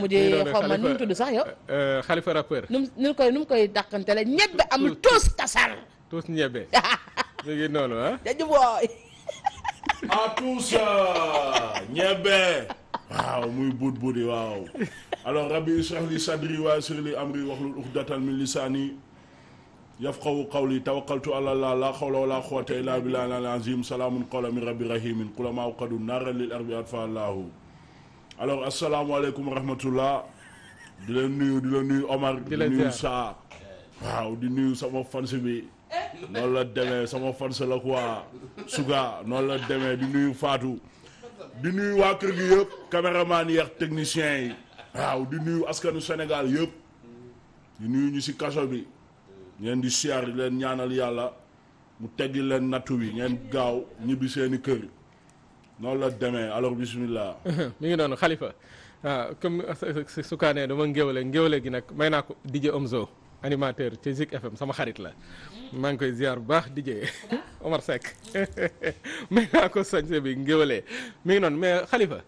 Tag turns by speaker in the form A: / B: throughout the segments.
A: mujjee xaw ma nu mu tudd sax yow. xalifa euh, euh, rappeur.
B: nu mu koy nu mu koy dàqante la ñebe amul toos tasal.
A: toos ñebe. mu ngi noonu ah.
C: Euh, waaw muy buut buut yi waaw. alors rabbi israh li sadri wa yassir li amri wahlul uqdatan min lisani yafqahu qawli tawakkaltu ala allah la hawla wala quwwata illa billahi al azim salaamun qawlan min rabbi rahimin qul ma uqadu naaran lil ardi atfaha alors asalaamaaleykum wa rahmatullah di leen nuyu di la nuyu Omar. di nuyu saa waaw di nuyu sama fans bi. noonu la demee sama fans la quoi Suga noonu la demee di nuyu faatu di nuyu waa kër gi yëpp caméraman yi ak technicien yi. waaw di nuyu askanu Sénégal yëpp. di nuyu ñu si kaso bi. ngeen di siyaar leen ñaanal yàlla mu teggi leen nattu bi ngeen gaaw ñibbi seeni kër. noonu la demee alors bisimilah.
A: mi ngi noonu xalifa waaw ah, comme sukaanee dama ngéwle ngéwle gi nag may naa ko DJ Omzo animateur ci Zik FM sama xarit la maa ngi koy ziar bu baax DJ Omar Seck may naa ko sañse bi ngéwle mi ngi noonu mais xalifa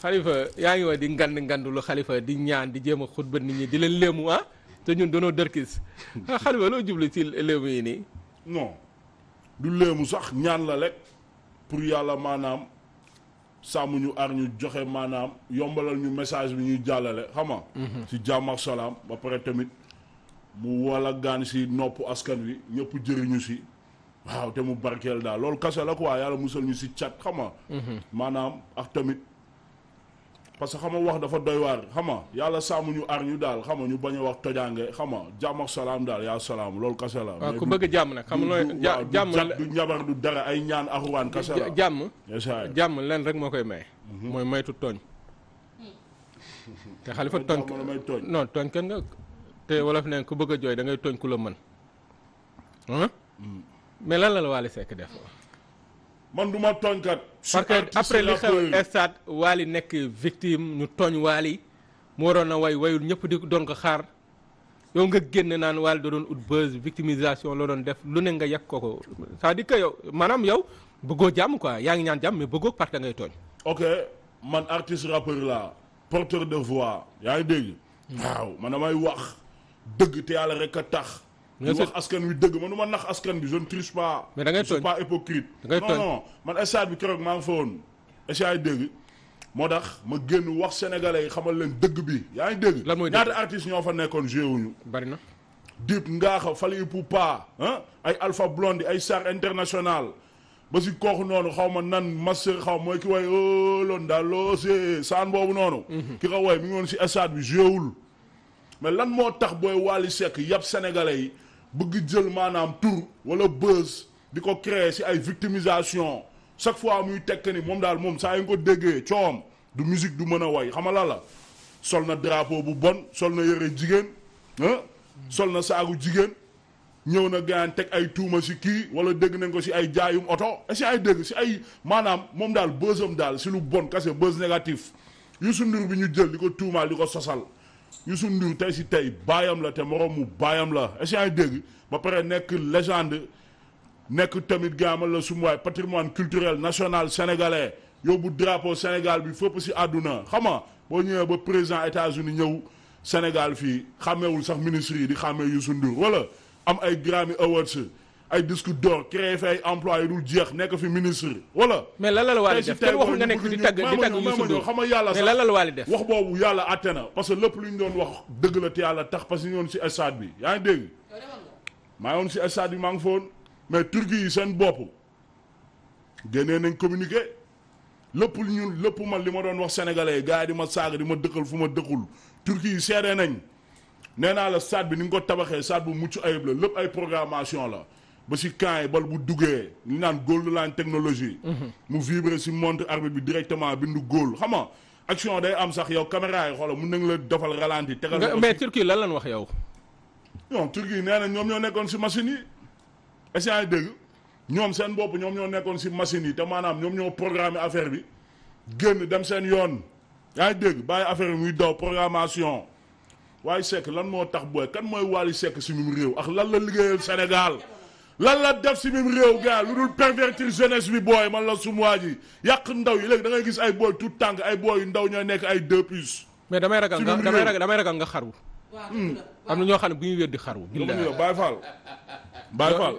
A: xalifa yaa ngi wax di ngand ngandu lu xalifa di ñaan di jéem a xutba nit ñi di leen léemu ah te ñun danoo dërkis xalifa ah, loo jublu
C: ci léemu yi nii non du léemu sax ñaan la lekk pour yàlla maanaam sàmm ñu aar ñu joxe maanaam yombalal ñu message bi ñuy jàllale xam nga. ci mhm. jàmm ak salaam ba pare tamit mu wala gaan si nopp askan wi ñëpp jëriñu si waaw te mu barkeel daal loolu kase la ko waaye yàlla musal ñu si cat xam mhm. maanaam ak tamit. parce que xam nga wax dafa doy waar xam nga yàlla sàmm ñu ar ñu daal xam nga ñu bañ wax tojaange xam nga jàmm ak salaam daal yaa salaam loolu kase la. ku bëgg a jàmm nag xam nga looy. jàmm du njabar du dara ay ñaan
A: la lenn rek moo koy may. Mhm. mooy maytu tooñ. te xalifa tooñ non tooñ kenn te wolof neen ku bëgg a jooy da ngay tooñ ku la mën.
C: Mm.
A: mais la la Wally Seck def. man du ma tooñkat. parce que après li xew stade Wally nekk victime ñu tooñ Wally moo waroon a way wayul ñëpp di doon ko xaar yow nga génn naan Wally da doon ut buzz victimisation la doon def lu ne nga yàq ko ko c'est-à-dire que yow maanaam yow bëggoo jàmm quoi yaa
C: ngi ñaan jàmm mais bëggoo parce que ngay tooñ. ok man artiste rappeur la porteur de voix yaa ngi dégg. Hmm. waaw man damay wax dëgg te yàlla rek a tax. mais wax askan wi dëgg man du ma nax askan bi je ne triche pas. mais da ngay tooñ je suis pas hypocrite. da man stade bi keroog maa ngi fa woon. moo tax ma génn wax sénégalais yi xamal leen dëgg bi yaa ngi dëgg. lan mooy ñaata artistes ñoo fa nekkoon joué wuñu. bari na. Dip Ngaaxa Fally Ipupa ah ay Alpha ay Star International ba si kooku noonu xaw ma nan master xaw mooy ki way oh, daal loo see saan boobu noonu. Mhm. ki ko si stade bi joué wul mais lan moo tax booy Wally Seck yab sénégalais yi. bëgg jël maanaam tur wala buzz di ko créer si ay victimisation chaque fois muy tekk ni moom daal moom saa yu ko déggee coom du musique du mën a way xamala la sol na drapeau bu bon sol na yëre jigéen ah sol na saagu jigéen ñëw na gaan teg ay tuuma si kii wala dégg nañ ko si ay jaayum oto et si ay dégg si ay maanaam moom daal buzzam daal si lu bon kase buzz négatif Youssou Ndour bi ñu jël di ko tuumaal di ko sosal Youssou Ndour tey si tey baayam la te moroom mu baayam la est-ce dégg ba pare nekk légende nekk tamit gaamal la sumu patrimoine culturel national sénégalais yóbbu drapeau Sénégal bi fépp si àdduna xamaa boo ñëwee ba président États-Unis ñëw Sénégal fii xàmmeewul sax ministre yi di xàmmee Youssou Ndour wala am ay Grammy Awards ay disque d'or créé fi ay emploi yi dul jeex nekk fi ministre wala mais lan la waali def kenn waxul nga nekk di tagg di tagg Youssou Ndour xam nga yàlla wax boobu yàlla àtte na parce que lépp lu ñu doon wax dëgg la te yàlla tax parce que ñu doon si stade bi yaa ngi dégg maa ngi bi maa ngi foon mais turki yi seen bopp génnee nañ communiqué lépp lu ñun lépp ma li ma doon wax sénégalais gars yi di ma saaga di ma dëkkal fu ma dëkkul turki yi seedee nañ nee naa la stade bi ni nga ko tabaxee stade bu mucc ayib la lépp ay programmation la ba si camp yi bu duggee ñu naan goal line technologie. Mhm. mu vibre si montre arbitre bi directement bindu goal xam nga action day am sax yow caméra yi xoolal mun nañ la defal ralenti. tegal nga mais
A: Turquie lan lan wax yow.
C: non Turquie nee na ñoom ñoo nekkoon si machine yi. essayant yi dégg ñoom seen bopp ñoom ñoo nekkoon si machine yi te maanaam ñoom ñoo programmé affaire bi génn dem seen yoon. yaa dégg bàyyi affaire bi muy daw programmation waaye Seck lan moo tax booy kan mooy Wally Seck si réew ak lan la liggéeyal Sénégal. lan la def si mim réew gaa lu dul pervertir jeunesse bi booy man la sum ji yàq ndaw yi léegi da ngay gis ay booy tout tànk ay booy yu ndaw ñaa nekk ay deux plus.
A: mais damay ragal nga damay ragal nga xaru. Hmm. am na ñoo xam ne bi ñu wér di xaru. Baye Fall Baye Fall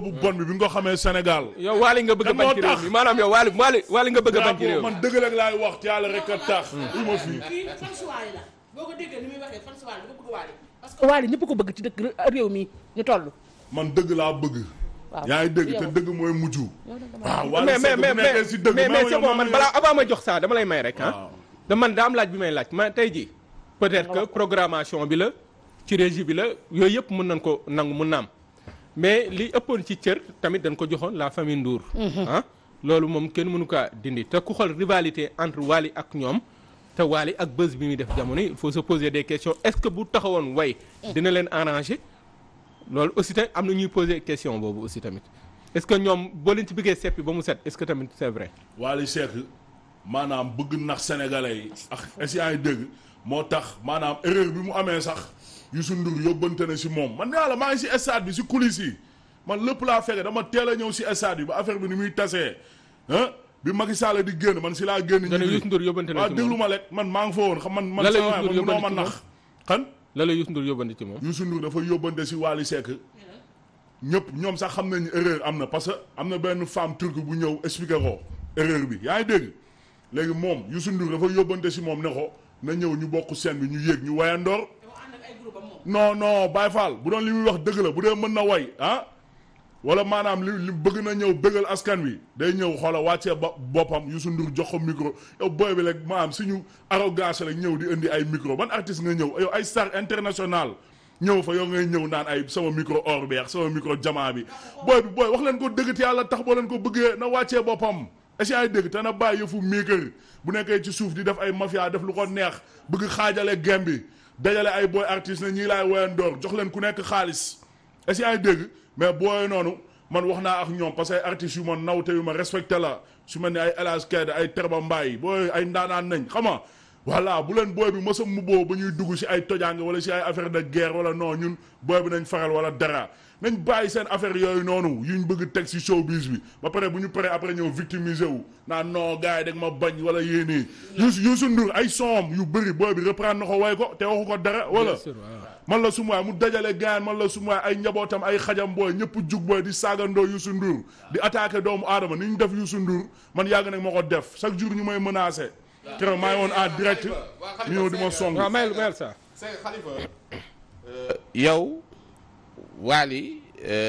C: bu bon bi bi nga ko xamee Sénégal. yow waali nga bëgg a bañ ci réew mi maanaam yow waali nga bëgg man dëgg rek laay wax yàlla rek a tax. Hmm. i
B: ma boo ko déggee ni muy
C: parce que waali ñëpp ko bëgg ci dëkk réew mi ñu toll man dëgg laa bëgg. yaa ngi dëgg te dëgg mooy mujj.
B: waaw waaw mais mais mais
C: mais c'est bon man balaa
A: avant ma jox saa dama lay may rek ah. daam laaj bi may laaj ma tey ji peut-être que programmation bi la ci régie bi la yooyu yëpp mën nañ ko nangu mun naam mais li ëppoon ci cër tamit dan ko joxoon la famille Ndour. Mhm. Ah, loolu moom kenn mënu kaa dindi te ku xool rivalité entre Wally ak ñoom. te Wally ak bës bi muy def jamono il faut se poser des questions est-ce que bu taxawoon way mm. dina leen arranger. loolu aussi tamit am na ñuy poser question boobu aussi tamit est-ce que ñoom boo leen ci bëggee seppi ba mu set est-ce que tamit
C: c'est vrai. Wally Seck maanaam bëgg nax sénégalais yi ak état yi dégg moo tax maanaam erreur bi mu amee sax Youssou Ndour yóbbante na si moom man yàlla maa ngi si stade bi si coulisse yi man lépp laa fekkee dama teel a ñëw si stade bi ba affaire bi ni muy tasee ah bi Macky Sall di génn man si laa génn. ñu ne Youssou Ndour yóbbante na si moom ma rek man maa ngi fa woon xam man. ma nax xan la la Youssou Ndour yóbbante ci moom. Youssou Ndour dafa yóbbante si Wally Seck ñëpp ñoom sax xam nañu erreur am na parce que am na benn femme turque bu ñëw expliqué ko erreur bi yaa ngi dégg léegi moom Youssou Ndour dafa yóbbante si moom ne ko na ñëw ñu bokk seen bi ñu yéeg ñu wayandoor. no no Baye Fall bu doon li muy wax dëgg la bu dee mën na way ah. wala maanaam li li bëgg na ñëw bëggal askan wi day ñëw xoola wàccee ba boppam Youssou Ndour jox ko micro yow booy bi rek maanaam suñu arrogance rek ñëw di indi ay micro ban artiste nga ñëw yow ay star international ñëw fa yow ngay ñëw naan ay sama micro or beex sama micro jamaa bi booy bi booy wax leen ko dëgg te yàlla tax boo leen ko bëggee na wàccee boppam est-ce que ay dëgg te na bàyyi yëfu miikër bu nekkee ci suuf di def ay mafia def lu ko neex bëgg xaajale gem bi dajale ay booy artiste ne ñii laay woyandoor jox leen ku nekk xaalis est-ce mais booyee noonu man wax naa ak ñoom parce que ay artistes yu ma naw te yu ma respecté la su mel ni ay El Hadj Kaïda ay Terba Mbaye booy ay ndaanaan nañ xam nga voilà bu leen booy bi mës a mubboo ba ñuy dugg si ay tojaange wala si ay affaire de guerre wala noo ñun booy bi nañ faral wala dara nañ bàyyi seen affaire yooyu noonu yu ñu bëgg teg si showbiz bi ba pare bu ñu paree après ñëw victimiser wu naan non gars yi dag ma bañ wala yéenii Youssou Ndour ay soom yu bëri booy bi reprendre na ko way ko te waxu ko dara wala man la sum waay dajale gaan la sum ay njabootam ay xajam booy ñëpp jug booy di saagandoo Youssou Ndour di attaqué doomu aadama ni ñu def Youssou Ndour man yàgg nag moo ko def chaque jour ñu may menacé keroog woon en direct ñu ñëw di ma song waaw mayel mayel sa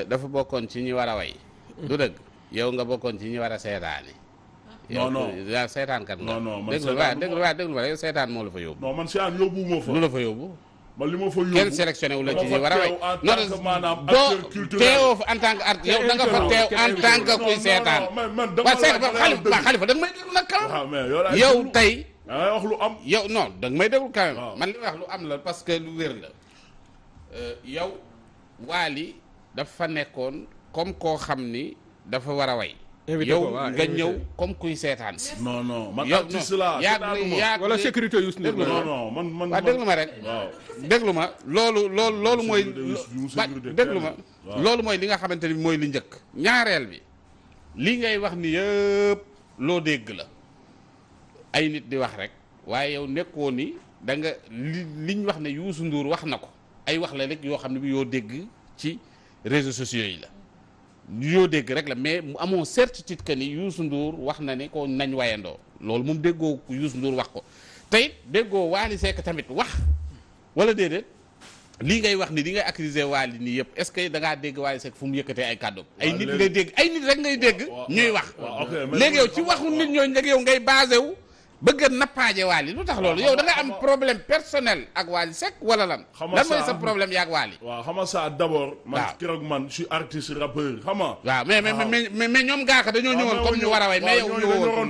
D: dafa bokkoon ci ñi war a way du dëgg yow nga bokkoon ci ñi war a seetaani non non yow seetaankat nga. non non man seetaan déglu waaw déglu waaw ma yow seetaan moo la fa yóbbu. non man seetaan yóbbuwuma fa. lu la fa yóbbu. man li ma fa yóbbu kenn sélectionné wu la ci war a way noonu maanaam acteur teewoo fa en tant que art yow da nga fa teew en tant kuy seetaan waaw seet ba xalifa ba may déglu nag quand yow tey wax lu am yow non da may déglu quand même man li wax lu am la parce que lu wér la euh, yow Wally dafa nekkoon comme koo xam ni dafa war a way yow nga ñëw comme kuy seetaan si. non non man artiste yaa wala sécurité Youssou Ndour non non man man waaw déglu ma rek. waaw ma loolu loolu loolu mooy. déglu ma loolu mooy li nga xamante ni mooy li njëkk. ñaareel bi li ngay wax ni yëpp loo dégg la ay nit di wax rek waaye yow nekkoo ni da li liñ wax ne Youssou Ndour wax na ko ay wax la rek yoo xam ne bi yoo dégg ci réseaux sociaux yi la. yoo dégg rek la mais mu amoo certitude que ni Youssou Ndour wax na ne ko nañ wayandoo loolu moom déggoo Youssou Ndour wax ko tey déggoo Wally Seck tamit wax wala déedéet lii ngay wax ni di ngay accuser Wally nii yëpp est-ce que da ngaa dégg Wally Seck fu mu yëkkatee ay kàddu ay nit ngay dégg ay nit rek ngay dégg ñuy wax léegi yow ci waxu nit ñooñu léegi yow ngay basé wu bëgg a nappaaje Wally lu tax loolu yow da nga am problème personnel ak Wally Seck wala lan lan mooy sa problème
C: yaak Wally waaw xam nga ça d'abord man keroog man je suis artiste rappeur xam nga waaw mais mais mais ñoom gaaka dañoo ñëwoon comme war a way mais yow ñëwoon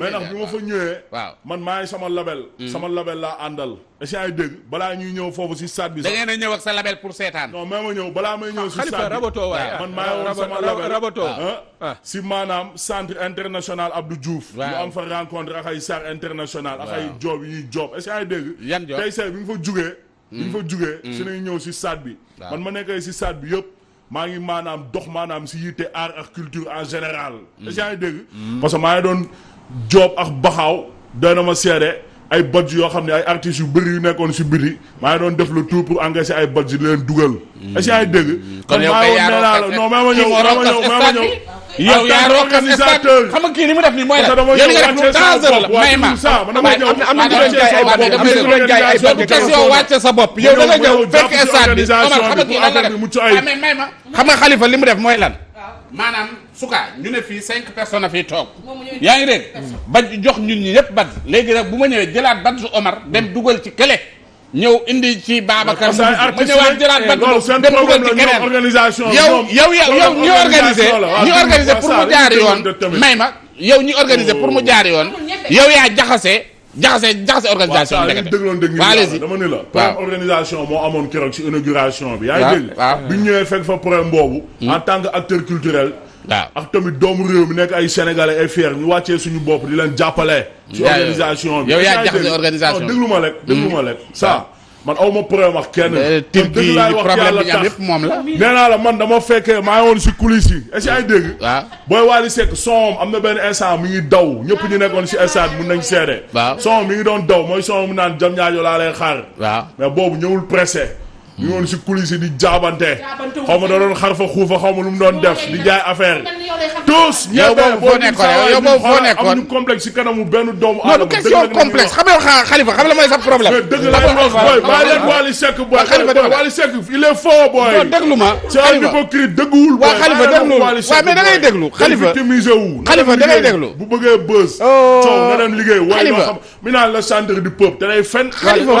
C: mais ma fa ñëwee waaw man maay sama label mm. sama label laa àndal yaa ngi dégg balaa ñuy ñëw foofu si stade bi. da ngeen
D: a ñëw ak sa label pour seetaan.
C: non mais ma ñëw balaa may ñëw. si stade bi man maa woon sama label rabato ah, ah. ah. si maanaam centre international Abdou Diouf. waaw ñu am fa ay star international. ak ay job yi job est-ce que bi nga fa jugee. bi nga fa hmm. jugee. Hmm. su ñëw si stade bi. man ma nekkee si stade bi yëpp. maa ngi maanaam dox maanaam si yitte art ak culture en général. Hmm. est-ce que dégg. parce que maa ngi doon job ak baxaaw doy na ma ay badge yoo xam ne ay artistes yu bëri yu nekkoon si biti maa ngi doon def le tout pour engager ay badge leen dugal. a mm. ce que ay dégg. kon yow kay yaaroo non maa ma ñëw maa ma ñëw maa ma ñëw.
D: yow yaaroo mu def mooy la yéen nga sa bopp yow da nga fekk stade bi xam nga kii lan la def xam nga xalifa li mu def mooy sukaa ñu ne fii cinq personnes a fii toog yaa ngi dégg ba jox ñun ñi yépp bant léegi nag bu ma ñëwee jëlaat bantu Omar dem mm. dugal ci kële ñëw indi ci Babacar mu ñëwaat jëlaat eh, bant dem dugal ci keneen yow yow yow ñu organisé ñu organisé pour mu jaari yoon may ma yow ñu organisé pour mu jaari yoon yow yaa jaxase jaxase
C: jaxase organisation bi nekk de dama ni la problème organisation moo amoon keroog ci inauguration bi yaa ngi dégg bi ñu ñëwee fekk fa problème boobu hmm. en tant que acteur culturel waaw ak tamit doomu réew mi nekk ay sénégalais ay ñu wàccee suñu bopp di leen jàppale. ci organisation bi yow yaa jaxase organisation bi déglu ma rek déglu ma hmm. rek ça. man aw ma euh, problème wax kenn. turquie problème bi ñu am yëpp moom la nee naa la man dama fekkee maa ngi woon si coulisse yi est-ce ay dégg. waaw booy Wally Seck son am na benn instant mi ngi daw ñëpp ñu nekkoon si instant mun nañ seede. waaw son mi ngi doon daw mooy son mu naan jam ñaajo laa lay xaar. waaw mais boobu ñëwul pressé. ñu ngi woon si coulisse di jaabante.
B: xaw ma da doon xar fa
C: xuufa xaw ma lu mu doon def di jaay affaire.
B: tous ñebe boo di saa yow boobu foo nekkoon am ñu
C: complexe si kanamu benn doomu. aadama dëgg la question complexe xam
D: nga xalifa xam la mooy sa problème. dëgg la booy bàyyi leen Wally Seck booy. waaw xalifa dëgg la Wally Seck il est faux booy. non déglu ma xalifa hypocrite dëgguwul booy. waaw xalifa déglu waaw mais da ngay déglu. xalifa
C: xalifa da ngay déglu. bu bëggee bës. coow nga dem liggéey. waaye yoo xam mi naan la centre du peuple da lay fen. xalifa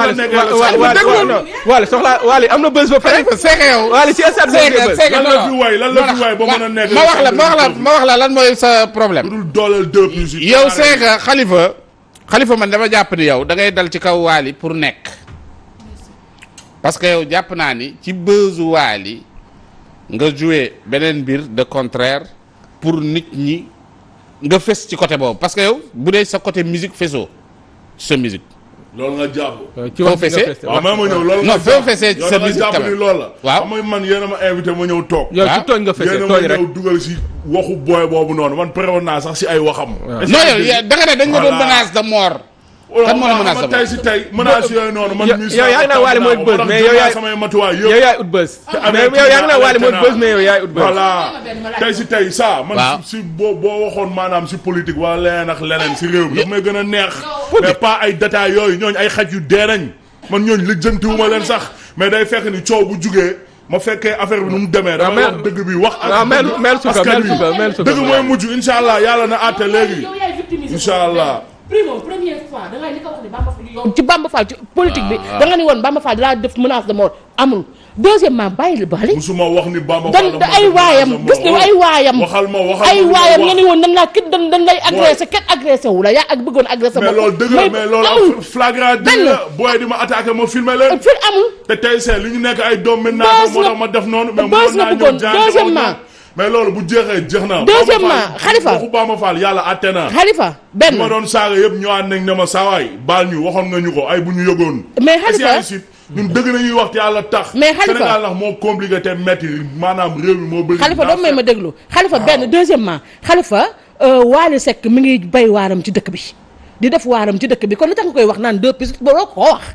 C: wala soxla wala am na bés ba pare.
D: seexe yow waaye si stade bi lan la fi waay lan la a nekk ma wax la ma wax la lan mooy sa problème. lu dul dooleel yow xalifa xalifa man dama jàpp ni yow da ngay dal ci kaw waali pour nekk parce que yow jàpp naa ni ci bésu waali nga joué beneen mbir de contraire pour nit ñi nga fes ci côté boobu parce que yow bu dee sa côté musique fesoo sa musique.
C: loolu nga jàpp. ci wàllu fese waaw maa ma ñëw loolu nga jàpp yow da nga jàpp ni loolu la. waaw mooy man yéen a ma invité ma ñëw toog. yow ci tooñ nga fese tooñ rek a ma si waxu booy boobu noonu man préwoon naa sax si ay waxam. non yow da nga ne dañ nga doon menace
D: de mort. kan moo la menace tey si tey menace yooyu noonu man yow yaa ngi naan waali mooy bës mais yow yaay samay matuwaay yëpp yow yaay
C: ut bës ah, mais yow yaa ngi naan waali mooy bës mais yow yaay ut bës voilà tey si tey ça man si boo boo waxoon maanaam si politique wala leneen ak leneen si réew bi daf may gën a neex mais pas ay détails yooyu ñooñu ay xaj yu deerañ man ñooñu lijjantiwuma leen sax mais day fekk ni coow bu jugee ma fekkee affaire bi nu mu demee. waaw mel dëgg bi wax. waaw mel mel suka mel suka dëgg mooy
B: mujj incha allah yàlla na àtte léegi. incha allah. primo première fois da ngay li ko wax ni Bamba Fall yow ci Bamba Fall ci politique bi. Ah. da nga ni woon Bamba Fall dinaa def menace de mort amul. deuxièmement bàyyi la bàyyi. musuma wax ni Bamba Fall da ay waayam gis nga ay waayam. waxal ma waxal ma ay waayam nga ni woon dañ laa kit dañ dañ lay agressé kenn agressé wu la yaa ak bëggoon agressé. mais loolu dëgg la mais loolu
C: flagrant dëgg la booy di ma attaqué ma filmé leen. fii amul te tey c'est li ñu nekk ay doom maintenant moo tax ma def noonu. mais mën naa ñëw deuxièmement mais loolu bu jeexee jeex naa. deuxièmement xalifa waxu Bamba Fall yàlla atte naa. xalifa benn ma doon saaga yëpp ñëwaat nañ ne ma saawaay baa ñu waxoon nga ñu ko ay bu ñu yëgoon. mais xalifa ñun dëgg nañuy wax te yàlla tax. mais xalifa Sénégal ndax moo compliqué te metti maanaam réew mi moo bëri. xalifa doon may ma
B: déglu xalifa benn deuxièmement xalifa euh, Waly Seck mi ngi bay waaram ci dëkk bi di def waaram ci dëkk bi kon lu tax nga koy wax naan deux pistes boo ko wax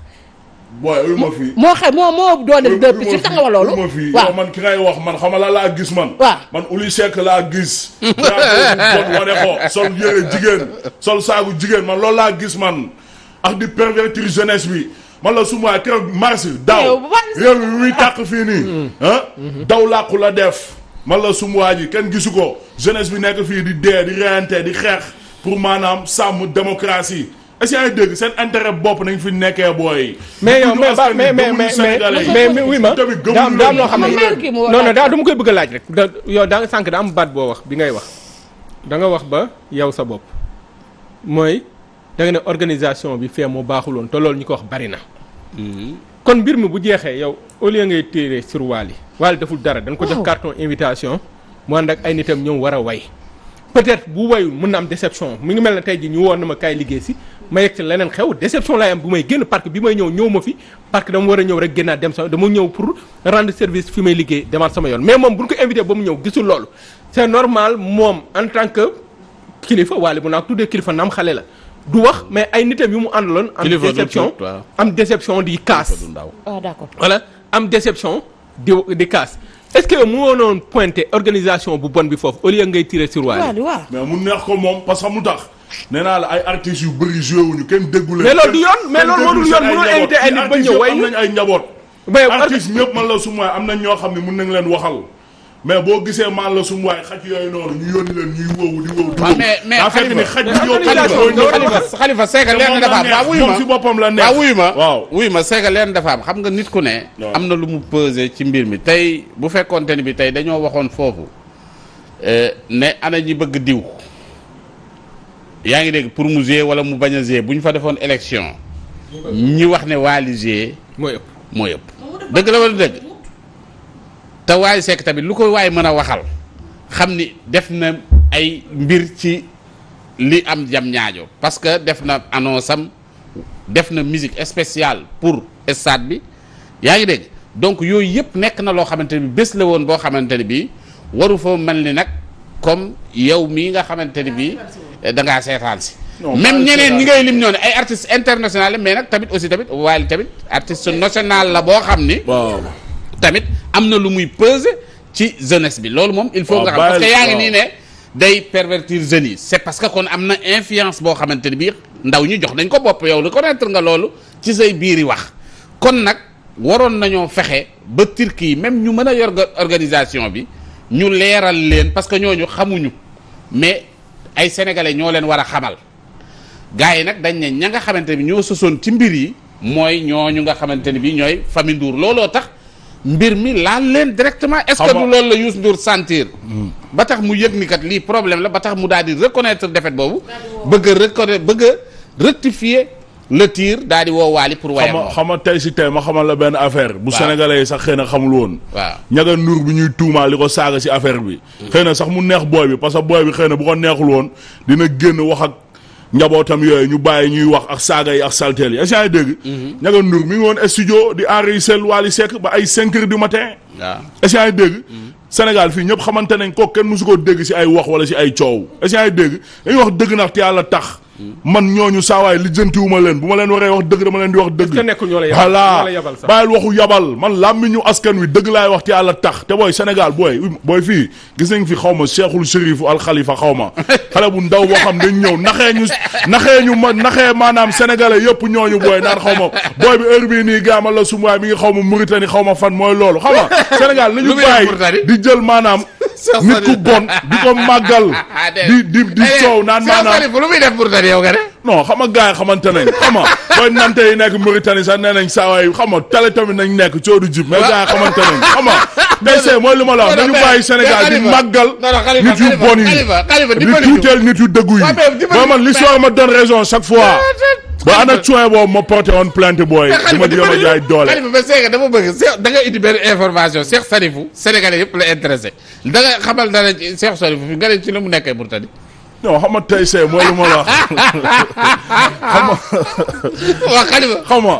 C: booy ma fii
B: moo xa moo moo doon def deux piscines tax nga
C: wax loolu. ma fii waaw man ki ngay wax man xama la laa gis man. waaw man Wally Seck laa gis. yaa wane ko sol yére jigéen sol saagu jigéen man loolu laa gis man ak di pervertir jeunesse bi man la su ma keroog mars daaw réew mi muy tàq fii nii. Mm-hmm. Ah? Mm-hmm. daw làqu la def man la su ma ji kenn gisu ko jeunesse bi nekk fii di dee di reyante di xeex pour maanaam sàmm démocratie. est-ce que ay dégg seen intérêt bopp nañ fi nekkee booy. mais yow mais mais mais mais mais oui ma daam
A: daam loo xam ne non non daa du ma koy bëgg a laaj rek. da yow daa nga sànq da am baat boo wax bi ngay wax da nga wax ba yow sa bopp mooy da nga ne organisation bi fee moo baaxuloon te loolu ñu ko wax bari na. Mm-hmm. kon mbir mi bu jeexee yow au lieu ngay téere sur Wally Wally deful dara dañ ko jox oh. carton invitation mu ànd ak ay nitam ñoom war a way peut-être bu wayul mën na am déception mi ngi mel ne tey ji ñu woon na ma kaay liggéey si. ma yegg si leneen xew déception laay am bu may génn parc bi may ñëw ñëw ma fi parc dama war a ñëw rek génnaat dem sa dama ñëw pour rendre service fi may liggéey demaat sama yoon mais moom bu ñu ko invité ba mu ñëw gisul loolu c'est normal moom en tant que kilifa waale bu naa ko tuddee kilifa naam xale la du wax mais ay nitam yu mu àndaloon
B: am déception
A: am déception di kaas waaw ah, d'accord voilà am déception di di est-ce que mënoo noon pointer organisation bu bon bi foofu au lieu ngay tirer sur waale
C: waaw mais neex ko moom parce que mu tax nee naa la ay artistes yu bëri joué wuñu kenn déggu mais loolu du yoon mais loolu yoon ay nit ba ñëw waaye am nañ ay am nañ ñoo xam ne mun nañ leen waxal. mais boo gisee man la sum xaj yooyu noonu ñu yónni leen ñuy woowu di woowu. waaw mais mais xalifa
D: xalifa seega leen dafa am waaw wuyu ma si boppam la nekk waaw wuyu ma ma seega leen dafa am xam nga nit ku ne. am na lu mu pose ci mbir mi tey bu fekkonte ni bi tey dañoo waxoon foofu eh, ne ana ñi bëgg diw yaa ngi dégg pour mu jouer wala mu bañ a jouer bu ñu fa defoon élection ñi wax ne Wally jouer mooy ëpp mooy dëgg la wala dëgg te Wally Seck tamit lu ko waay mën a waxal xam ni def na ay mbir ci li am jam ñaajo parce que def na annonce am def na musique spéciale pour stade bi yaa ngi dégg donc yooyu yëpp nekk na loo xamante ni bés la woon boo xamante ni bii waru foo mel ni nag comme yow mii nga xamante ni bii eh, da ngaa seetaan si. même ñeneen ñi ngay lim ñoo ne ay artistes internationales mais nag tamit aussi tamit waaye tamit artiste national la boo xam ni. tamit am na lu muy peser ci jeunesse bi loolu moom. il faut nga ah, xam parce que yaa ngi nii ne. day pervertir jeunes yi c'est parce que kon am na influence boo xamante ni bii ndaw ñu jox nañ ko bopp yow reconnaître nga loolu ci say biir yi wax kon nag waroon nañoo fexe ba turki même ñu mën a yor organisation bi. ñu leeral leen parce que ñooñu xamuñu mais ay sénégalais ñoo leen war a xamal gars yi nag dañ ne ña nga xamante ni ñoo sosoon ci mbir yi mooy ñoo ñu nga xamante ni bi ñooy famille Ndour looloo tax mbir mi laal leen directement est-ce la Youssou Ndour sentir hmm. ba tax mu yëg ni kat lii problème la ba tax mu daal di reconnaître défaite boobu bëgg a reconnaître bëgg a rectifier le tir daal di woo waali pour. waaye moom xam nga tey si tey ma xamal la benn affaire. bu sénégalais yi sax xëy na xamul
C: woon. waaw ñaga nur bi ñuy tuumaa li ko saaga si affaire bi. Hmm. xëy na sax mu neex booy bi parce que booy bi xëy na bu ko neexul woon dina génn wax ak njabootam yooyu ñu bàyyi ñuy wax ak saaga yi ak salteel yi est-ce que dégg. Hmm. ñaga nur ngi woon studio di enregistrer Wally Seck ba ay 5 heures du matin. waaw est dégg. Hmm. Sénégal fii ñëpp xamante nañ ko kenn mosu ko dégg si ay wax wala si ay coow est-ce que wax dëgg ndax te yàlla tax man ñooñu saawaay lijjantiwuma leen bu ma leen waree wax dëgg dama leen di wax dëgg voilà bàyyil waxu yabal man làmmiñu askan wi dëgg laay wax ci yàlla tax te booy Sénégal booy booy fii gis nañ fi xaw ma Cheikhul Chérifu Al xaw ma xale bu ndaw boo xam dañ ñëw naxee ñu naxee ñu ma naxee maanaam sénégalais yëpp ñooñu booy naan xaw ma booy bi heure nii gaamal la sumwaay mi ngi xaw ma Mauritanie xaw ma fan mooy loolu xam nga Sénégal nañu bàyyi di jël maanaam nit ku bon di ko màggal. Ah, di di di eh, soow naan maanaam Cheikh Salif lu muy def pour yow nga non xam nga gars yi xamante nañ xam nga nekk Mauritanie sax nee nañ saa waay xam nga télé tamit jib mais gars yi xamante nañ xam nga. dese ma la wax nañu bàyyi Sénégal di màggal nit yu bon yi di tuuteel nit yu dëggu yi. waaw man ma donne raison chaque fois. ba ànd ak boobu ma porté woon plainte booy. bu ma jéem a jaay doole xalifa
D: ba Seck dafa bëgg Seck da nga indi benn information Seck Salifou Sénégalais yëpp la intéressé da xamal dara Seck Salifou fi nga ne ci la mu nekkee Mourtadi. non xam nga tey see mooy lu ma la wax xam nga.
C: waaw xalifa xam nga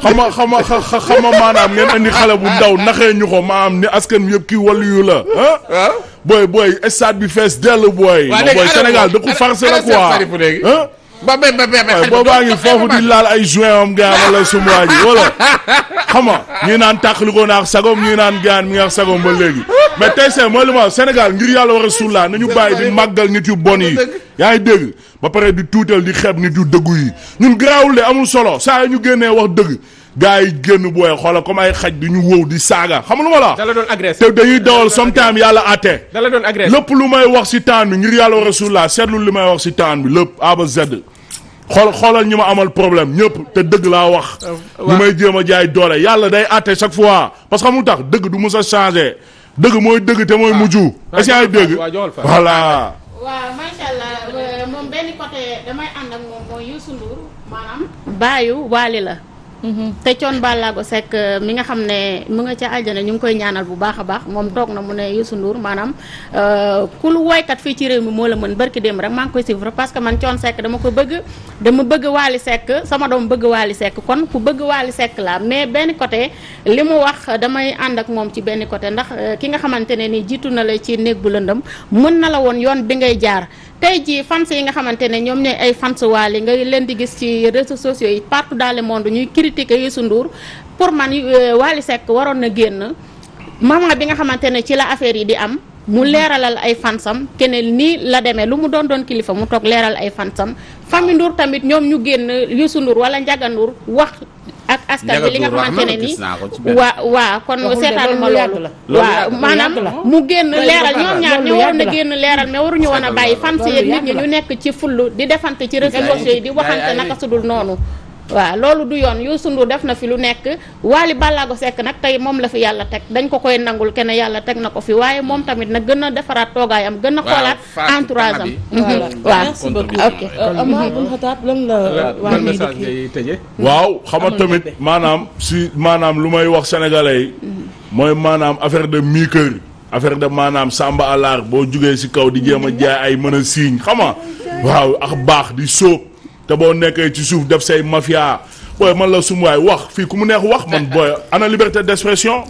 C: xama xama xama maanaam ngeen andi xale bu ndaw naxee ñu ko maanaam ni askan yëpp kii wàllu yu la ah booy booy stade bi fees dell booy booy Sénégal da ko farcé la quoi ba be ba be boobaa ngi foofu di laal ay joint am gaan wala sumu waa ji wala xam nga ñuy naan tàqali ko naax sagom ñuy naan gaan mi nga sagom ba léegi mais tey see mooy li ma Sénégal ngir yàlla war a sullaa nañu bàyyi di màggal nit yu bon yi yaa ngi dégg ba pare di tuutal di xeeb nit yu dëggu yi ñun garaawul de amul solo saa yi ñu génnee wax dëgg gars yi génn booy xoola comme ay xaj di ñu wow di saaga xam lu ma la da la doon agressé te dañuy dawal sometime yàlla àtte da lépp lu may wax si taan bi yàlla war a sullaa seetlu li may wax si taan xool xoolal ñi ma amal problème ñëpp te dëgg laa wax. Euh, ñu may jéem a jaay doole yàlla day àtte chaque fois parce que mu tax dëgg du musa a changé dëgg mooy dëgg te mooy ah. mujj. Ah, est-ce que ay dëgg voilà.
E: waaw macha allah euh, moom benn côté damay ànd ak moom mooy Youssou Ndour maanaam. baayu waali la. te coon Ballago Seck euh, mi nga xam ne mu nga ca àjjana ñu ngi koy ñaanal bu baax a baax moom toog na mu ne Youssou Ndour maanaam euh, ku lu woykat fii ci réew mi moo la mën barki démb rek maa ngi koy suivre parce que man coon sekk dama ko bëgg dama bëgg Waly Seck sama doom bëgg Waly sekk kon ku bëgg Waly sekk la mais benn côté li mu wax damay ànd ak moom ci benn côté ndax euh, ki nga xamante ne ni jiitu na la ci néeg bu lëndëm mën na la woon yoon bi ngay jaar tey jii fans yi nga xamante ne ñoom ñooy ay fans Wally nga leen di gis ci réseaux sociaux yi partout dans le monde ñuy critiquer Youssou Ndour pour man euh, Wally Seck waroon na génn moment bi nga xamante ne ci la affaire yi di am mu mhm. leeralal ay fansam keneen nii la demee lu mu doon doon kilifa mu toog leeral ay fansam famille Ndour tamit ñoom ñu génn Youssou Ndour wala Ndiaga Ndour wax ak askan bi li nga xamante ne nii waa waa kon seetaanuma loolu waa maanaam mu génn leeral ñoom ñaar ñu waroon a génn leeral mais waruñu woon a bàyyi fan si yeeg nit ñi ñu nekk ci full di defante ci réseaux sociaux yi di waxante naka sudul noonu waaw loolu du yoon Youssou Ndour def na fi lu nekk Wally Ballago Seck nag tey moom la fi yàlla teg dañ ko koy nangul kenn yàlla teg na ko fi waaye moom tamit nag gën a defaraat toogaayam gën a xoolaat entourage am waaw merci beaucoup ok euh, euh,
C: lan la tamit maanaam si maanaam lu may wax sénégalais yi mm-hmm. mooy maanaam affaire de mi kër affaire de maanaam samba alaar boo jógee si kaw di jéem a jaay ay mën a siiñ xama mm-hmm. waaw ak baax di sóob te boo nekkee ci suuf def say mafia booy man la sumu wax fii ku mu neex wax man booy ana liberté d'expression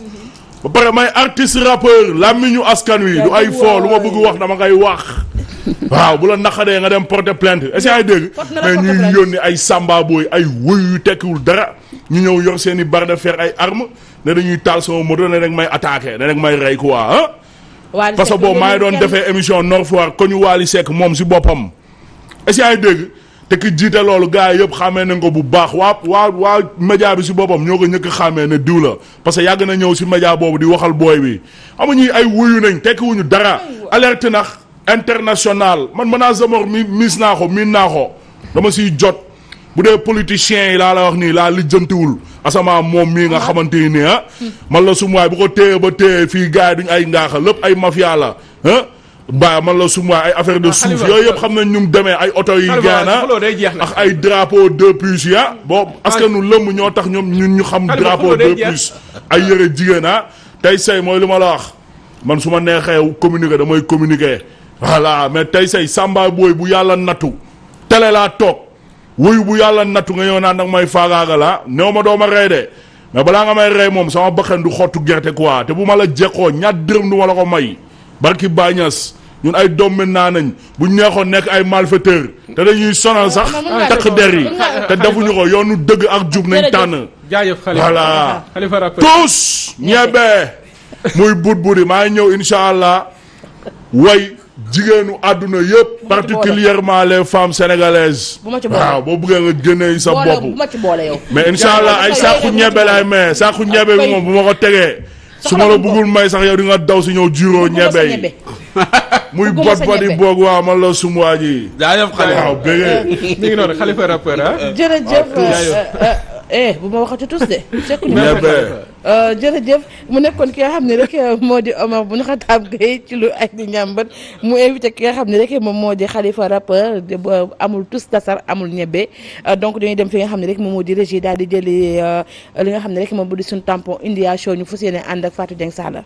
C: ba pare may artiste rappeur làmmiñu askan wi du ay foo lu ma bëgg wax dama ngay wax waaw bu la naqadee nga dem porter plainte est-ce que ay dégg mais ñuy yónni ay samba booy ay wëy yu tekkiwul dara ñu ñëw yor seen i barre de fer ay arme ne dañuy taal sama moto ne rek may attaqué ne rek may rey quoi ah
B: parce que boobu maa ngi doon defee
C: émission Nord Foire ko ñu Waly Seck moom si boppam est-ce te ki jiite loolu gars yi yëpp xàmmee nañ ko bu baax waa waa waa média bi si boppam ñoo ko ñëkk xàmmee ne diwla la que yàgg na ñëw si média boobu di waxal booy bi amuñuy ay wuyu nañ tekkiwuñu dara alerte nax international man mën naa zamor mi miis naa ko miin naa ko dama siy jot bu dee politiciens yi laa la wax nii laa lijjantiwul asamaa moom mii nga ah. xamante nii ah man la sumuwaay bu ko téyee ba téyee fii gars yi duñ ay ngaaxa lépp ay mafia la ah. mbaa man la sum ay affaire de ah, suuf yooyu yëpp xam nañ ñu demee ay oto yi gaana ak ay drapeau deux plus ya bon ah. askanu lëmm ñoo tax ñoom ñun ñu xam drapeau deux plus ay yëre jigéena ah. tey say mooy lu ma la wax man su ma neexee communiquer damay communiquer voilà mais tey say sàmba booy bu yàlla nattu tele laa toog wuyu bu yàlla nattu nga ñëw naa ndax may faagaaga la néew ma dooma rey de mais balaa nga may rey moom sama bakkan du xottu gerte quoi te bu ma la jekkoo ñaat dërëm du ma la ko may barki Baay Ñas ñun ay doom mi naa nañ bu ñu neexoon nekk ay malfaiteur te dañuy sonal sax takk der yi te defuñu ko yoonu dëgg ak jub nañ tànn jaajëf xalifa voilà tous ñebe muy buut buut yi maa ngi ñëw insha allah way jigéenu àdduna yëpp particulièrement les femmes sénégalaises waaw boo bëggee nga génnee sa bopp
B: mais insha allah ay saaku
C: ñebe laay maye saaku ñebe moom bu ma ko tegee su ma la bëggul may sax yow di nga daw si ñëw juróo ñebe yi muy bot bot yi boog waa man la sumwaa ji. waaw bëggee. mi ngi noonu xalifa
B: eh bu ma waxati tous de. Euh, jërëjëf mu nekkoon ki nga xam ne rek euh, moo di Omar bu ñu xataab gay ci lu ay di ñàmbat mu invité ki nga xam ne rek moom moo di Khalifa rappeur euh, amul tous tasar amul ñebe donc dañuy dem fi nga xam ne rek moom moo di régie daal di jëli li nga xam ne rek moom bu di suñu tampon indi show ñu fas yéene ànd ak Fatou Dieng Sall.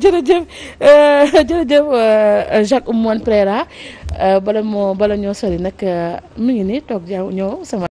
B: jërëjëf euh, jërëjëf euh, Jacques Oumouane Préra euh, bala moo bala ñoo sori nag mu ngi nii toog jaaw ñëw sama.